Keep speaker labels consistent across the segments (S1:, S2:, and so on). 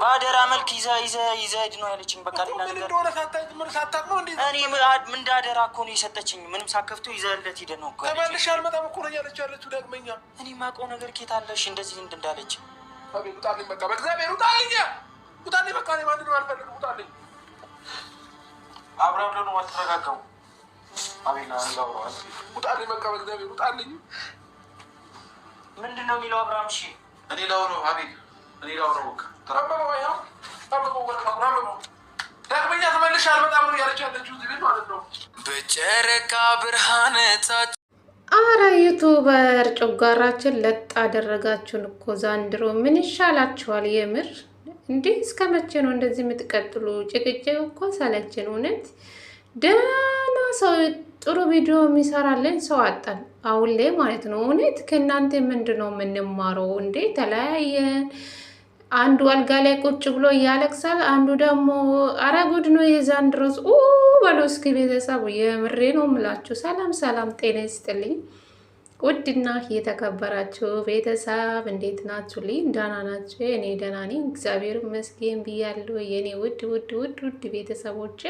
S1: በአደራ መልክ ይዘ ይዘ ይዘ ሂድ ነው ያለችኝ። በቃ ሌላ ነገር እኔ እንደ አደራ እኮ ነው የሰጠችኝ። ምንም ሳከፍተው ይዘለት ያለት ነው እኮ ተመልሼ አልመጣም እኮ ነው ያለች ያለችው ዳግመኛ። እኔ የማውቀው ነገር ኬት አለሽ እንደዚህ እንድ እንዳለች ውጣልኝ፣ በቃ በእግዚአብሔር ውጣልኝ፣ ውጣልኝ፣ በቃ እኔ ማንንም አልፈልግም፣ ውጣልኝ። አብረን ብለን ነው አልተረጋጋሁም። አቤላ እንዳውረዋል። ውጣልኝ፣ በቃ በእግዚአብሔር ውጣልኝ። ምንድን ነው የሚለው አብርሃም? እሺ እኔ ለውሮ አቤል እኔ ላውራው በቃ ተረበበ ባይ ነው በጨረቃ ብርሃነታች አረ ዩቱበር ጨጓራችን ለጥ አደረጋችሁን እኮ ዛንድሮ ምን ይሻላችኋል? የምር እንዲህ እስከ መቼ ነው እንደዚህ የምትቀጥሉ? ጭቅጭቅ እኮ ሰለችን። እውነት ደህና ሰው ጥሩ ቪዲዮ የሚሰራለን ሰው አጣን፣ አሁን ላይ ማለት ነው። እውነት ከእናንተ ምንድን ነው የምንማረው እንዴ? ተለያየን አንዱ አልጋ ላይ ቁጭ ብሎ እያለቅሳል፣ አንዱ ደግሞ አረጉድ ጉድ ነው የዛንድሮስ በሎ። እስኪ ቤተሰቡ የምሬ ነው ምላችሁ። ሰላም ሰላም፣ ጤና ይስጥልኝ ውድና የተከበራችሁ ቤተሰብ እንዴት ናችሁ? ልኝ ደህና ናችሁ? እኔ ደህና ነኝ እግዚአብሔር ይመስገን ብያለሁ። የእኔ ውድ ውድ ውድ ውድ ቤተሰቦቼ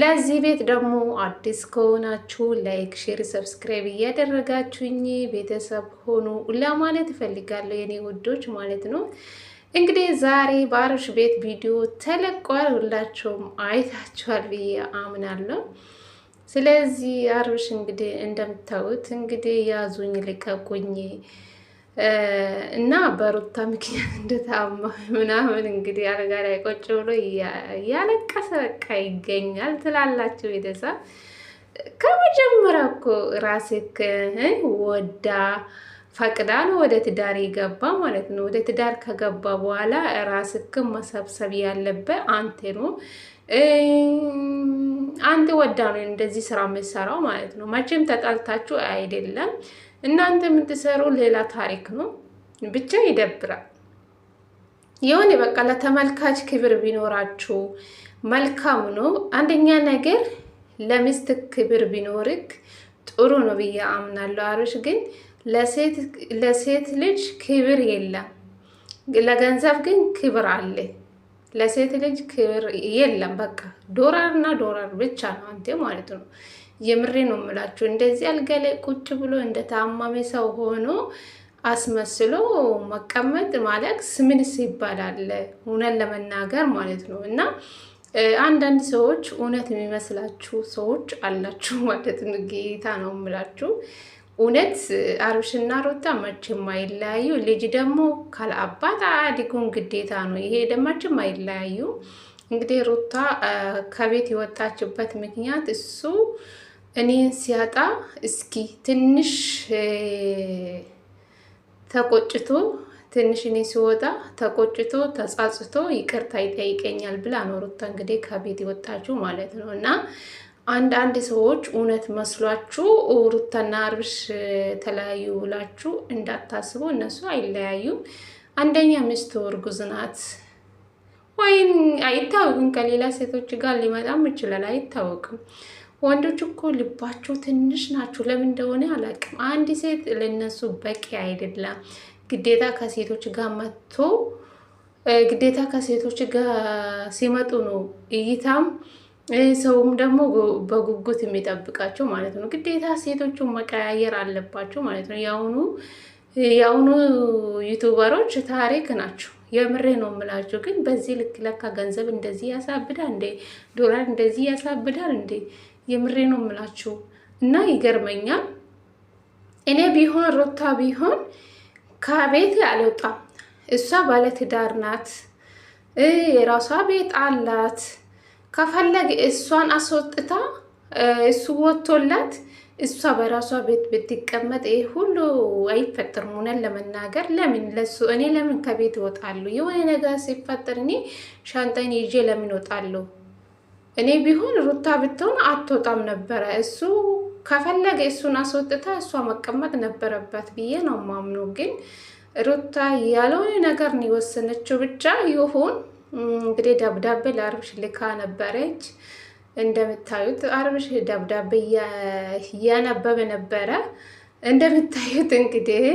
S1: ለዚህ ቤት ደግሞ አዲስ ከሆናችሁ ላይክ፣ ሼር፣ ሰብስክራይብ እያደረጋችሁኝ ቤተሰብ ሆኑ ለማለት እፈልጋለሁ የኔ ውዶች ማለት ነው። እንግዲህ ዛሬ በአብርሽ ቤት ቪዲዮ ተለቋል። ሁላችሁም አይታችኋል ብዬ አምናለሁ። ስለዚህ አብርሽ እንግዲህ እንደምታዩት እንግዲህ ያዙኝ ልቀቁኝ እና በሩታ ምክንያት እንደታማ ምናምን እንግዲህ አልጋ ላይ ቆጭ ብሎ እያለቀሰ በቃ ይገኛል ትላላችሁ ቤተሰብ። ከመጀመሪያ እኮ ራስክ ወዳ ፈቅዳ ነው ወደ ትዳር የገባ ማለት ነው። ወደ ትዳር ከገባ በኋላ ራስክን መሰብሰብ ያለበት አንተ ነው። አንተ ወዳ ነው እንደዚህ ስራ የምትሰራው ማለት ነው። መቼም ተጣልታችሁ አይደለም እናንተ የምትሰሩ ሌላ ታሪክ ነው። ብቻ ይደብራል። የሆነ በቃ ለተመልካች ክብር ቢኖራችሁ መልካም ነው። አንደኛ ነገር ለሚስት ክብር ቢኖርክ ጥሩ ነው ብዬ አምናለሁ። አብርሽ ግን ለሴት ልጅ ክብር የለም፣ ለገንዘብ ግን ክብር አለ። ለሴት ልጅ ክብር የለም። በቃ ዶላር እና ዶላር ብቻ ነው አንተ ማለት ነው። የምሬ ነው የምላችሁ። እንደዚህ አልጋ ላይ ቁጭ ብሎ እንደ ታማሚ ሰው ሆኖ አስመስሎ መቀመጥ ማለት ምንስ ይባላል? እውነት ለመናገር ማለት ነው እና አንዳንድ ሰዎች እውነት የሚመስላችሁ ሰዎች አላችሁ ማለት ነው። ጌታ ነው የምላችሁ። እውነት አብርሽና ሩታ መቼም አይለያዩ። ልጅ ደግሞ ካልአባት አያድጉም፣ ግዴታ ነው። ይሄ መቼም አይለያዩ። እንግዲህ ሩታ ከቤት የወጣችበት ምክንያት እሱ እኔን ሲያጣ እስኪ ትንሽ ተቆጭቶ ትንሽ እኔ ሲወጣ ተቆጭቶ ተጻጽቶ ይቅርታ ይጠይቀኛል ብላ ኖሮታ እንግዲህ ከቤት ይወጣችሁ ማለት ነው እና አንዳንድ ሰዎች እውነት መስሏችሁ ሩታና አብርሽ ተለያዩ ብላችሁ እንዳታስቡ። እነሱ አይለያዩም። አንደኛ ሚስቱ እርጉዝ ናት። ወይም አይታወቅም፣ ከሌላ ሴቶች ጋር ሊመጣም ይችላል፣ አይታወቅም። ወንዶች እኮ ልባቸው ትንሽ ናቸው። ለምን እንደሆነ አላውቅም። አንድ ሴት ለነሱ በቂ አይደለም። ግዴታ ከሴቶች ጋር መጥቶ ግዴታ ከሴቶች ጋር ሲመጡ ነው እይታም ሰውም ደግሞ በጉጉት የሚጠብቃቸው ማለት ነው። ግዴታ ሴቶቹን መቀያየር አለባቸው ማለት ነው። የአሁኑ የአሁኑ ዩቱበሮች ታሪክ ናቸው። የምሬ ነው የምላቸው። ግን በዚህ ልክ ለካ ገንዘብ እንደዚህ ያሳብዳል እንዴ! ዶላር እንደዚህ ያሳብዳል እንዴ! የምሬ ነው የምላችሁ እና ይገርመኛል። እኔ ቢሆን ሩታ ቢሆን ከቤት አልወጣም። እሷ ባለትዳር ናት፣ የራሷ ቤት አላት። ከፈለግ እሷን አስወጥታ እሱ ወጥቶላት እሷ በራሷ ቤት ብትቀመጥ ይህ ሁሉ አይፈጠርም። ሆነን ለመናገር ለምን ለሱ እኔ ለምን ከቤት እወጣለሁ? የሆነ ነገር ሲፈጠር እኔ ሻንጣይን ይዤ ለምን እወጣለሁ? እኔ ቢሆን ሩታ ብትሆን አትወጣም ነበረ። እሱ ከፈለገ እሱን አስወጥታ እሷ መቀመጥ ነበረባት ብዬ ነው ማምኑ። ግን ሩታ ያለውን ነገር ነው የወሰነችው። ብቻ ይሁን እንግዲህ ደብዳቤ ለአርብሽ ልካ ነበረች። እንደምታዩት አርብሽ ደብዳቤ እያነበበ ነበረ። እንደምታዩት እንግዲህ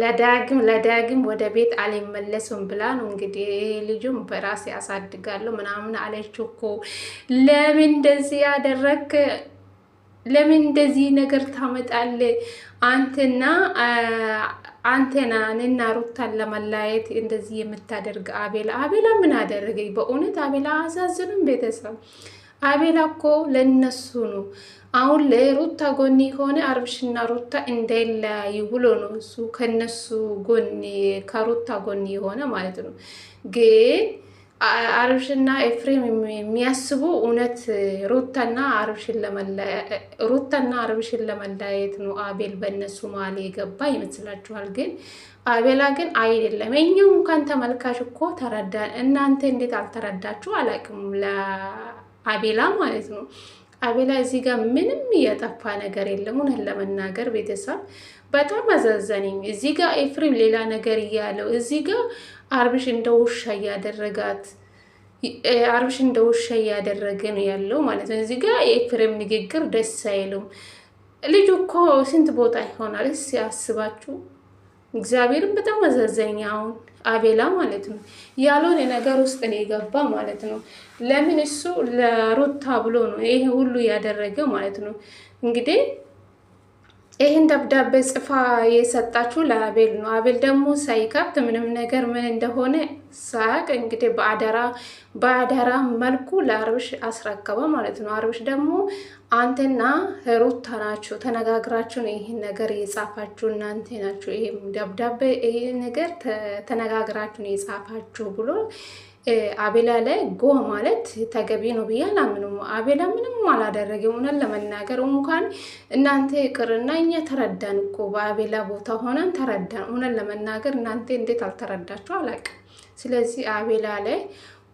S1: ለዳግም ለዳግም ወደ ቤት አልመለሱም ብላ ነው እንግዲህ ልጁም በራሴ አሳድጋለሁ ምናምን አለች እኮ። ለምን እንደዚህ ያደረክ? ለምን እንደዚህ ነገር ታመጣለ? አንተና አንተና እና ሩታን ለመለያየት እንደዚህ የምታደርግ አቤላ አቤላ ምን አደረገኝ? በእውነት አቤላ አሳዝኑም ቤተሰብ አቤላ እኮ ለነሱ ነው። አሁን ለሩታ ጎን የሆነ አብርሽና ሩታ እንዳይለያዩ ብሎ ነው እሱ ከነሱ ጎን ከሩታ ጎን የሆነ ማለት ነው። ግን አብርሽና ኤፍሬም የሚያስቡ እውነት ሩታና አብርሽን ለመለያየት ነው። አቤል በእነሱ መሀል የገባ ይመስላችኋል? ግን አቤላ ግን አይደለም። እኛው እንኳን ተመልካች እኮ ተረዳ። እናንተ እንዴት አልተረዳችሁ አላውቅም። አቤላ ማለት ነው። አቤላ እዚህ ጋር ምንም እያጠፋ ነገር የለም። እውነት ለመናገር ቤተሰብ በጣም አዛዘነኝ። እዚህ ጋር ኤፍሬም ሌላ ነገር እያለው፣ እዚህ ጋር አርብሽ እንደ ውሻ እያደረጋት አርብሽ እንደ ውሻ እያደረገ ነው ያለው ማለት ነው። እዚህ ጋር የኤፍሬም ንግግር ደስ አይሉም። ልጁ እኮ ስንት ቦታ ይሆናል ሲያስባችሁ? እግዚአብሔርም በጣም አዘዘኝ አሁን አቤላ ማለት ነው። ያልሆነ ነገር ውስጥ ነው የገባ ማለት ነው። ለምን እሱ ለሩታ ብሎ ነው ይሄ ሁሉ ያደረገ ማለት ነው። እንግዲህ ይህን ደብዳቤ ጽፋ የሰጣችሁ ለአቤል ነው። አቤል ደግሞ ሳይከብት ምንም ነገር ምን እንደሆነ ሳያቅ እንግዲህ በአደራ በአደራ መልኩ ለአብርሽ አስረከበ ማለት ነው። አብርሽ ደግሞ አንተና ሩታ ናችሁ ተነጋግራችሁ ነው ይህን ነገር የጻፋችሁ፣ እናንተ ናችሁ ይሄ ደብዳቤ ይሄ ነገር ተነጋግራችሁ ነው የጻፋችሁ ብሎ አቤላ ላይ ጎ ማለት ተገቢ ነው ብዬ አላምንም። አቤላ ምንም አላደረገ ሆነን ለመናገር እንኳን እናንተ ይቅርና እኛ ተረዳን እኮ በአቤላ ቦታ ሆነን ተረዳን ሆነን ለመናገር እናንተ እንዴት አልተረዳችሁ አላውቅም። ስለዚህ አቤላ ላይ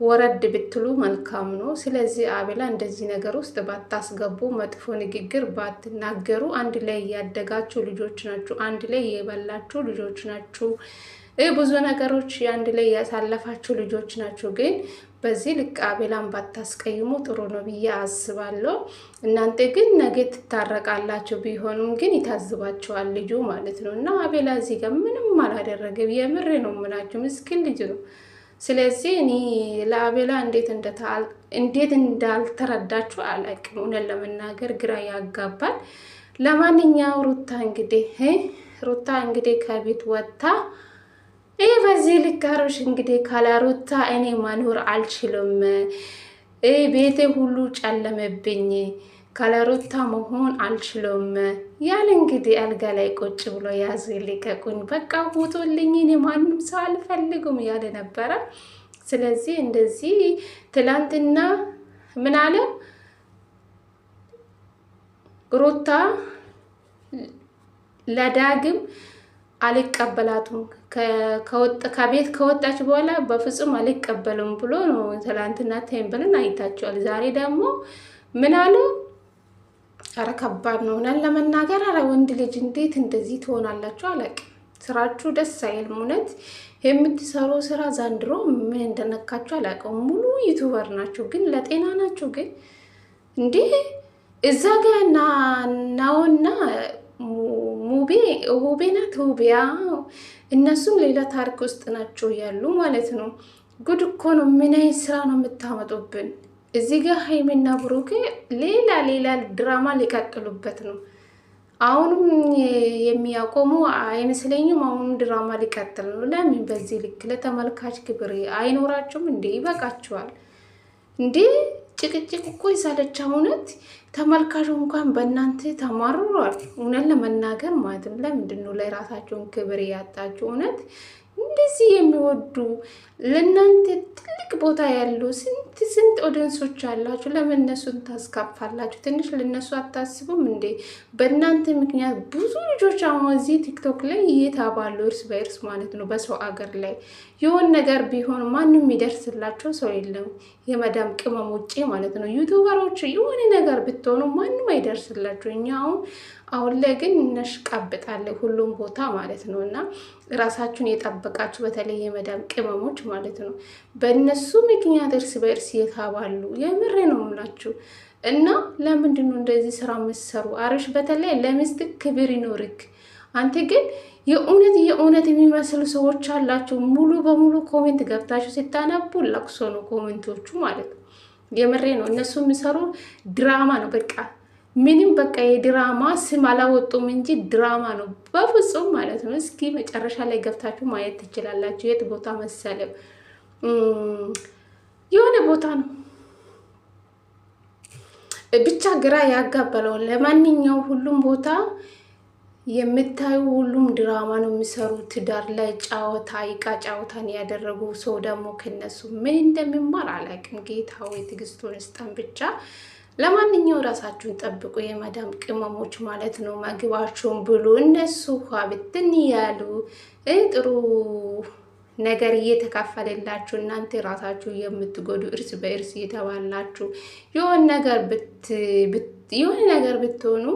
S1: ወረድ ብትሉ መልካም ነው። ስለዚህ አቤላ እንደዚህ ነገር ውስጥ ባታስገቡ፣ መጥፎ ንግግር ባትናገሩ። አንድ ላይ እያደጋችሁ ልጆች ናችሁ፣ አንድ ላይ የበላችሁ ልጆች ናችሁ፣ ብዙ ነገሮች አንድ ላይ ያሳለፋችሁ ልጆች ናችሁ። ግን በዚህ ልክ አቤላን ባታስቀይሙ ጥሩ ነው ብዬ አስባለሁ። እናንተ ግን ነገ ትታረቃላችሁ። ቢሆኑም ግን ይታዝባቸዋል ልጁ ማለት ነው እና አቤላ እዚህ ጋር ምንም አላደረገም። የምሬ ነው የምላችሁ፣ ምስኪን ልጅ ነው። ስለዚህ እኔ ለአቤላ እንዴት እንዳልተረዳችሁ አላውቅም። እውነት ለመናገር ግራ ያጋባል። ለማንኛው ሩታ እንግዲህ ሩታ እንግዲህ ከቤት ወጥታ ይህ በዚህ ልካሮች እንግዲህ ካላ ሩታ እኔ መኖር አልችልም፣ ቤቴ ሁሉ ጨለመብኝ ካለሩታ መሆን አልችሎም ያለ እንግዲህ አልጋ ላይ ቁጭ ብሎ ያዙ ልቀቁኝ፣ በቃ ውጡልኝ፣ እኔ ማንም ሰው አልፈልጉም ያለ ነበረ። ስለዚህ እንደዚህ ትላንትና ምን ሩታ ለዳግም አልቀበላቱም ከቤት ከወጣች በኋላ በፍጹም አልቀበሉም ብሎ ነው ትላንትና ቴምብልን አይታቸዋል። ዛሬ ደግሞ ምን አረ ከባድ ነው። እውነት ለመናገር አረ ወንድ ልጅ እንዴት እንደዚህ ትሆናላችሁ? አለቅ ስራችሁ ደስ አይልም። እውነት የምትሰሩ ስራ ዛንድሮ ምን እንደነካችሁ አላውቅም። ሙሉ ዩቱበር ናችሁ፣ ግን ለጤና ናችሁ። ግን እንዲህ እዛ ጋ ናውና ሙቤ ውቤ ናት እነሱም ሌላ ታሪክ ውስጥ ናቸው ያሉ ማለት ነው። ጉድ እኮ ነው። ምን አይነት ስራ ነው የምታመጡብን? እዚህ ጋር ሀይሚና ብሩኬ ሌላ ሌላ ድራማ ሊቀጥሉበት ነው። አሁንም የሚያቆሙ አይመስለኝም። አሁንም ድራማ ሊቀጥል ነው። ለምን በዚህ ልክ ለተመልካች ክብር አይኖራቸውም እንዴ? ይበቃቸዋል እንዴ? ጭቅጭቅ እኮ የሳለች እውነት ተመልካቹ እንኳን በእናንተ ተማርሯል። እውነት ለመናገር ማለት ነው። ለምንድን ነው ለራሳቸውን ክብር ያጣቸው እውነት እንደዚህ የሚወዱ ለእናንተ ትልቅ ቦታ ያለው ስንት ስንት ኦዲንሶች አላችሁ? ለምን እነሱን ታስካፋላችሁ? ትንሽ ለነሱ አታስቡም እንዴ? በእናንተ ምክንያት ብዙ ልጆች አሁን እዚህ ቲክቶክ ላይ እየተባሉ እርስ በእርስ ማለት ነው። በሰው አገር ላይ የሆን ነገር ቢሆን ማንም የሚደርስላቸው ሰው የለም፣ የመዳም ቅመም ውጭ ማለት ነው። ዩቱበሮች የሆነ ነገር ብትሆኑ ማንም አይደርስላቸው። እኛ አሁን አሁን ላይ ግን እናሽቃብጣለን ሁሉም ቦታ ማለት ነው። እና ራሳችሁን የጠበቃችሁ በተለይ የመዳም ቅመሞች ማለት ነው በእነሱ ምክንያት እርስ በእርስ ሴት አባሉ የምሬ ነው ምላችሁ። እና ለምንድን ነው እንደዚህ ስራ የምትሰሩ? አብርሽ በተለይ ለሚስት ክብር ይኖርክ። አንተ ግን የእውነት የእውነት የሚመስሉ ሰዎች አላቸው ሙሉ በሙሉ ኮሜንት ገብታችሁ ሲታነቡ ለቅሶ ነው ኮሜንቶቹ ማለት ነው። የምሬ ነው። እነሱ የሚሰሩ ድራማ ነው በቃ ምንም በቃ የድራማ ስም አላወጡም እንጂ ድራማ ነው በፍጹም ማለት ነው። እስኪ መጨረሻ ላይ ገብታችሁ ማየት ትችላላችሁ። የት ቦታ መሰለም የሆነ ቦታ ነው ብቻ ግራ ያጋበለው። ለማንኛው ሁሉም ቦታ የምታዩ ሁሉም ድራማ ነው የሚሰሩ ትዳር ላይ ጫወታ ይቃ ጫወታን ያደረጉ ሰው ደግሞ ከነሱ ምን እንደሚማር አላውቅም። ወይ ትዕግስቱን ስጠን ብቻ። ለማንኛው ራሳችሁን ጠብቁ፣ የመዳም ቅመሞች ማለት ነው። ምግባችሁን ብሉ። እነሱ ብትን ያሉ ጥሩ ነገር እየተካፈለላችሁ እናንተ ራሳችሁ የምትጎዱ እርስ በእርስ እየተባላችሁ የሆን ነገር የሆነ ነገር ብትሆኑ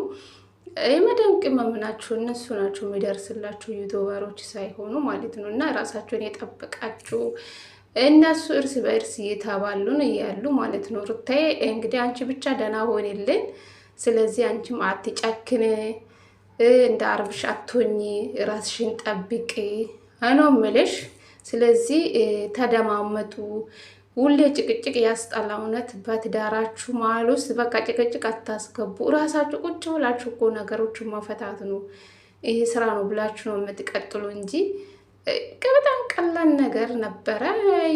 S1: የመደም ቅመም እነሱ ናችሁ የሚደርስላችሁ ዩቱበሮች ሳይሆኑ ማለት ነው። እና ራሳችሁን የጠበቃችሁ እነሱ እርስ በእርስ እየተባሉን እያሉ ማለት ነው። ሩታዬ እንግዲህ አንቺ ብቻ ደህና ሆንልን። ስለዚህ አንቺም አትጨክን፣ እንደ አርብሽ አትሆኚ፣ ራስሽን ጠብቂ አኖ ምልሽ ስለዚህ ተደማመጡ። ሁሌ ጭቅጭቅ ያስጠላ። እውነት በትዳራችሁ መሀል ውስጥ በቃ ጭቅጭቅ አታስገቡ። እራሳችሁ ቁጭ ብላችሁ እኮ ነገሮችን መፈታት ነው። ይሄ ስራ ነው ብላችሁ ነው የምትቀጥሉ እንጂ በጣም ቀላል ነገር ነበረ።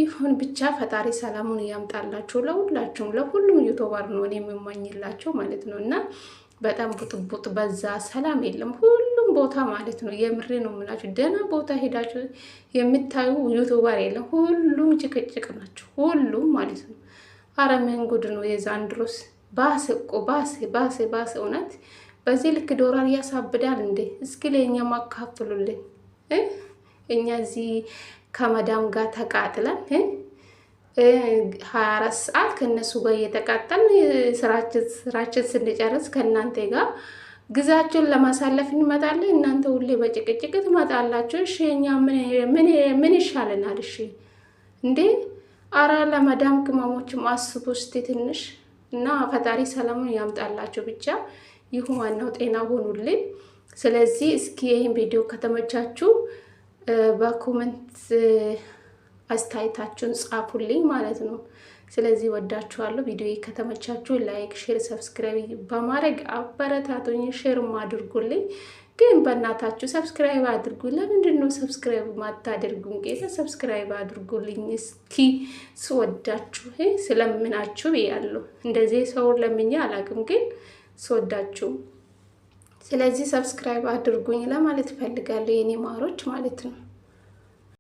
S1: ይሁን ብቻ ፈጣሪ ሰላሙን እያምጣላችሁ ለሁላችሁም፣ ለሁሉም ዩቱበር ነው እኔ የምመኝላቸው ማለት ነው። እና በጣም ቡጥቡጥ በዛ፣ ሰላም የለም ሁሉ ቦታ ማለት ነው። የምሬ ነው የምላችሁ። ደህና ቦታ ሄዳችሁ የምታዩ ዩቱበር የለም። ሁሉም ጭቅጭቅ ናቸው። ሁሉም ማለት ነው። አረ ምን ጉድ ነው የዛንድሮስ! ባስ እኮ ባሴ ባሴ ባስ። እውነት በዚህ ልክ ዶላር ያሳብዳል እንዴ? እስኪ ለእኛም ማካፍሉልን እኛ እዚህ ከመዳም ጋር ተቃጥለን ሀያ አራት ሰዓት ከእነሱ ጋር እየተቃጠልን ስራችን ስንጨርስ ከእናንተ ጋር ግዛችሁን ለማሳለፍ እንመጣለን። እናንተ ሁሌ በጭቅጭቅ ትመጣላችሁ። እሺ እኛ ምን ይሻለናል? እሺ እንዴ አራ ለመዳም ቅመሞችም አስቡ እስቲ ትንሽ እና ፈጣሪ ሰላሙን ያምጣላችሁ። ብቻ ይህ ዋናው ጤና ሆኑልን። ስለዚህ እስኪ ይህን ቪዲዮ ከተመቻችሁ በኮመንት አስተያየታችሁን ጻፉልኝ ማለት ነው። ስለዚህ ወዳችኋለሁ። ቪዲዮ ከተመቻችሁ ላይክ፣ ሼር፣ ሰብስክራይብ በማድረግ አበረታቶኝ ሼርም አድርጉልኝ። ግን በእናታችሁ ሰብስክራይብ አድርጉ። ለምንድን ነው ሰብስክራይብ ማታደርጉን? ጌተ ሰብስክራይብ አድርጉልኝ እስኪ ስወዳችሁ ስለምናችሁ ያለሁ እንደዚህ ሰው ለምኜ አላቅም፣ ግን ስወዳችሁ ስለዚህ ሰብስክራይብ አድርጉኝ ለማለት ፈልጋለሁ የኔ ማሮች ማለት ነው።